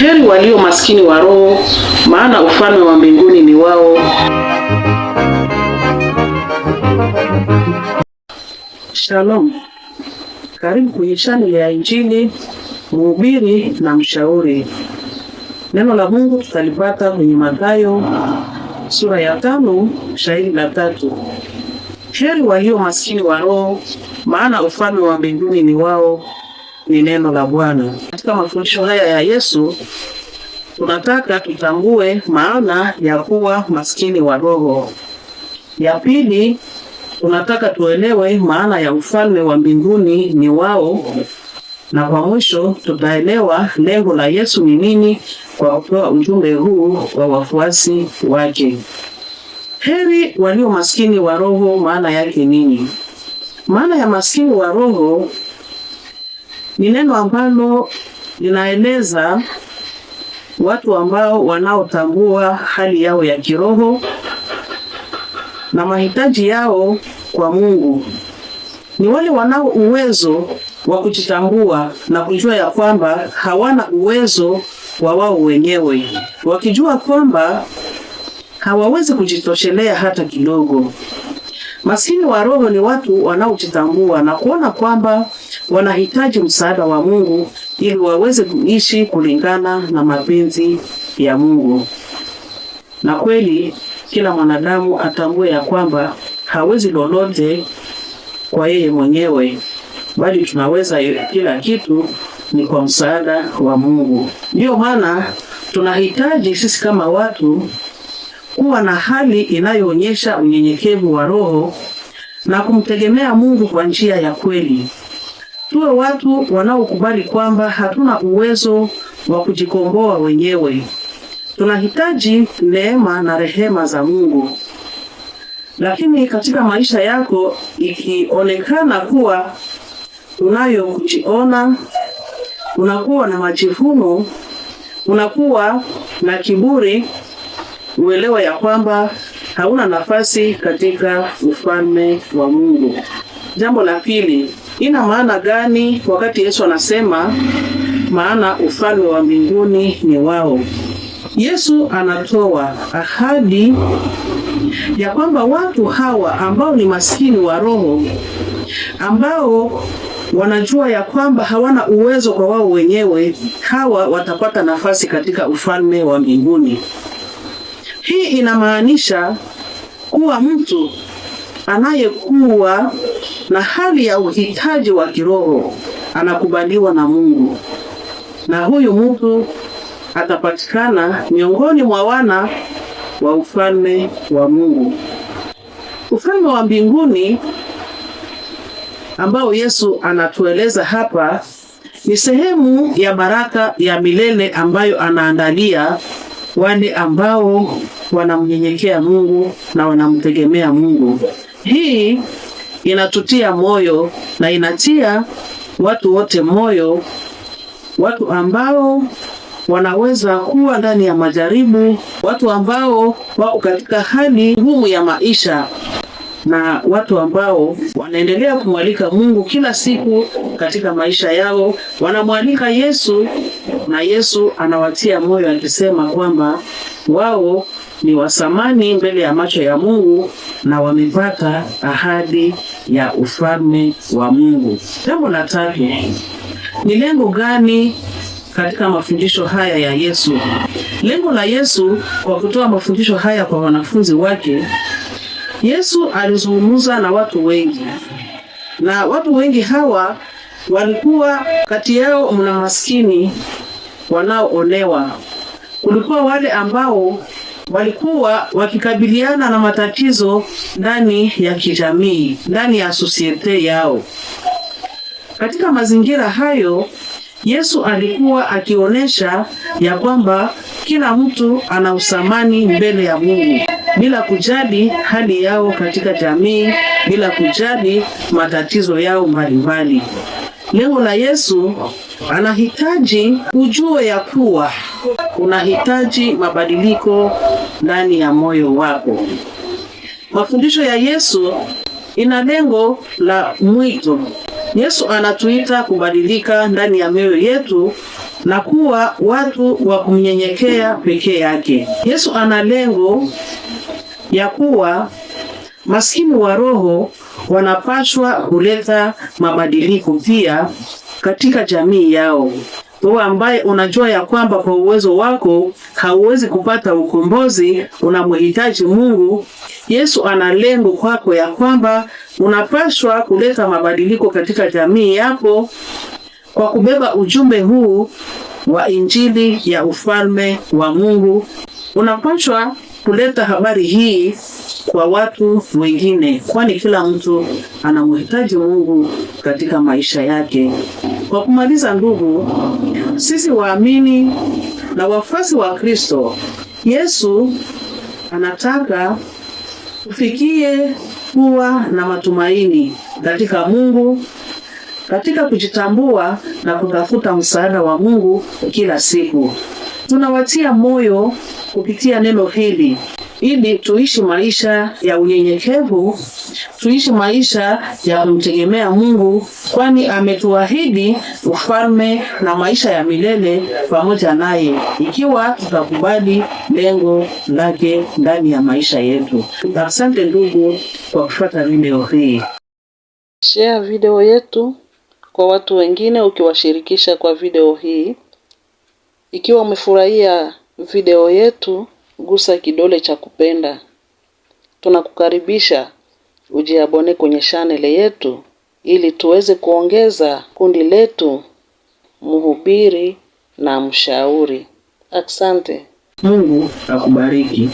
Heri walio maskini wa roho, maana ufalme wa mbinguni ni wao. Shalom, karibu kwenye chaneli ya Injili Mhubiri na Mshauri. Neno la Mungu tutalipata kwenye Mathayo sura ya tano shairi la tatu. Heri walio maskini wa roho, maana ufalme wa mbinguni ni wao ni neno la Bwana. Katika mafundisho haya ya Yesu tunataka tutambue maana ya kuwa maskini wa roho. Ya pili, tunataka tuelewe maana ya ufalme wa mbinguni ni wao, na kwa mwisho tutaelewa lengo la Yesu ni nini kwa kutoa ujumbe huu wa wafuasi wake. Heri walio maskini wa roho, maana yake nini? Maana ya maskini wa roho ni neno ambalo linaeleza watu ambao wanaotambua hali yao ya kiroho na mahitaji yao kwa Mungu. Ni wale wanao uwezo wa kujitambua na kujua ya kwamba hawana uwezo wa wao wenyewe, wakijua kwamba hawawezi kujitoshelea hata kidogo. Maskini wa roho ni watu wanaojitambua na kuona kwamba wanahitaji msaada wa Mungu ili waweze kuishi kulingana na mapenzi ya Mungu. Na kweli kila mwanadamu atambue ya kwamba hawezi lolote kwa yeye mwenyewe, bali tunaweza kila kitu ni kwa msaada wa Mungu. Ndiyo maana tunahitaji sisi kama watu kuwa na hali inayoonyesha unyenyekevu wa roho na kumtegemea Mungu kwa njia ya kweli. Tuwe watu wanaokubali kwamba hatuna uwezo wa kujikomboa wenyewe. Tunahitaji neema na rehema za Mungu. Lakini katika maisha yako ikionekana kuwa unayo unakuwa na majivuno, unakuwa na kiburi uelewa ya kwamba hauna nafasi katika ufalme wa Mungu. Jambo la pili, ina maana gani wakati Yesu anasema maana ufalme wa mbinguni ni wao? Yesu anatoa ahadi ya kwamba watu hawa ambao ni maskini wa roho, ambao wanajua ya kwamba hawana uwezo kwa wao wenyewe, hawa watapata nafasi katika ufalme wa mbinguni. Hii inamaanisha kuwa mtu anayekuwa na hali ya uhitaji wa kiroho anakubaliwa na Mungu, na huyu mtu atapatikana miongoni mwa wana wa ufalme wa Mungu. Ufalme wa mbinguni ambao Yesu anatueleza hapa ni sehemu ya baraka ya milele ambayo anaandalia wale ambao wanamnyenyekea Mungu na wanamtegemea Mungu. Hii inatutia moyo na inatia watu wote moyo, watu ambao wanaweza kuwa ndani ya majaribu, watu ambao wako katika hali ngumu ya maisha na watu ambao wanaendelea kumwalika Mungu kila siku katika maisha yao, wanamwalika Yesu na Yesu anawatia moyo akisema kwamba wao ni wasamani mbele ya macho ya Mungu na wamepata ahadi ya ufalme wa Mungu. Jambo la tatu ni lengo gani katika mafundisho haya ya Yesu? Lengo la Yesu kwa kutoa mafundisho haya kwa wanafunzi wake, Yesu alizungumza na watu wengi, na watu wengi hawa walikuwa kati yao mna maskini wanaoonewa, kulikuwa wale ambao walikuwa wakikabiliana na matatizo ndani ya kijamii, ndani ya sosiete yao. Katika mazingira hayo, Yesu alikuwa akionyesha ya kwamba kila mtu ana usamani mbele ya Mungu bila kujali hali yao katika jamii, bila kujali matatizo yao mbalimbali. Neno la Yesu anahitaji ujue ya kuwa unahitaji mabadiliko ndani ya moyo wako. Mafundisho ya Yesu ina lengo la mwito. Yesu anatuita kubadilika ndani ya mioyo yetu na kuwa watu wa kumnyenyekea pekee yake. Yesu ana lengo ya kuwa maskini wa roho wanapaswa kuleta mabadiliko pia katika jamii yao. Wewe ambaye unajua ya kwamba kwa uwezo wako hauwezi kupata ukombozi, unamhitaji Mungu. Yesu ana lengo kwako ya kwamba unapaswa kuleta mabadiliko katika jamii yako kwa kubeba ujumbe huu wa Injili ya ufalme wa Mungu. Unapaswa kuleta habari hii kwa watu wengine, kwani kila mtu anamhitaji Mungu katika maisha yake. Kwa kumaliza, ndugu, sisi waamini na wafuasi wa Kristo Yesu anataka tufikie kuwa na matumaini katika Mungu, katika kujitambua na kutafuta msaada wa Mungu kila siku. Tunawatia moyo kupitia neno hili ili tuishi maisha ya unyenyekevu, tuishi maisha ya kumtegemea Mungu, kwani ametuahidi ufalme na maisha ya milele pamoja naye, ikiwa tutakubali lengo lake ndani ya maisha yetu. Asante ndugu kwa kufuata video hii. Share video yetu kwa watu wengine ukiwashirikisha kwa video hii. Ikiwa umefurahia video yetu gusa kidole cha kupenda. Tunakukaribisha ujiabone kwenye chaneli yetu ili tuweze kuongeza kundi letu mhubiri na mshauri. Asante. Mungu akubariki.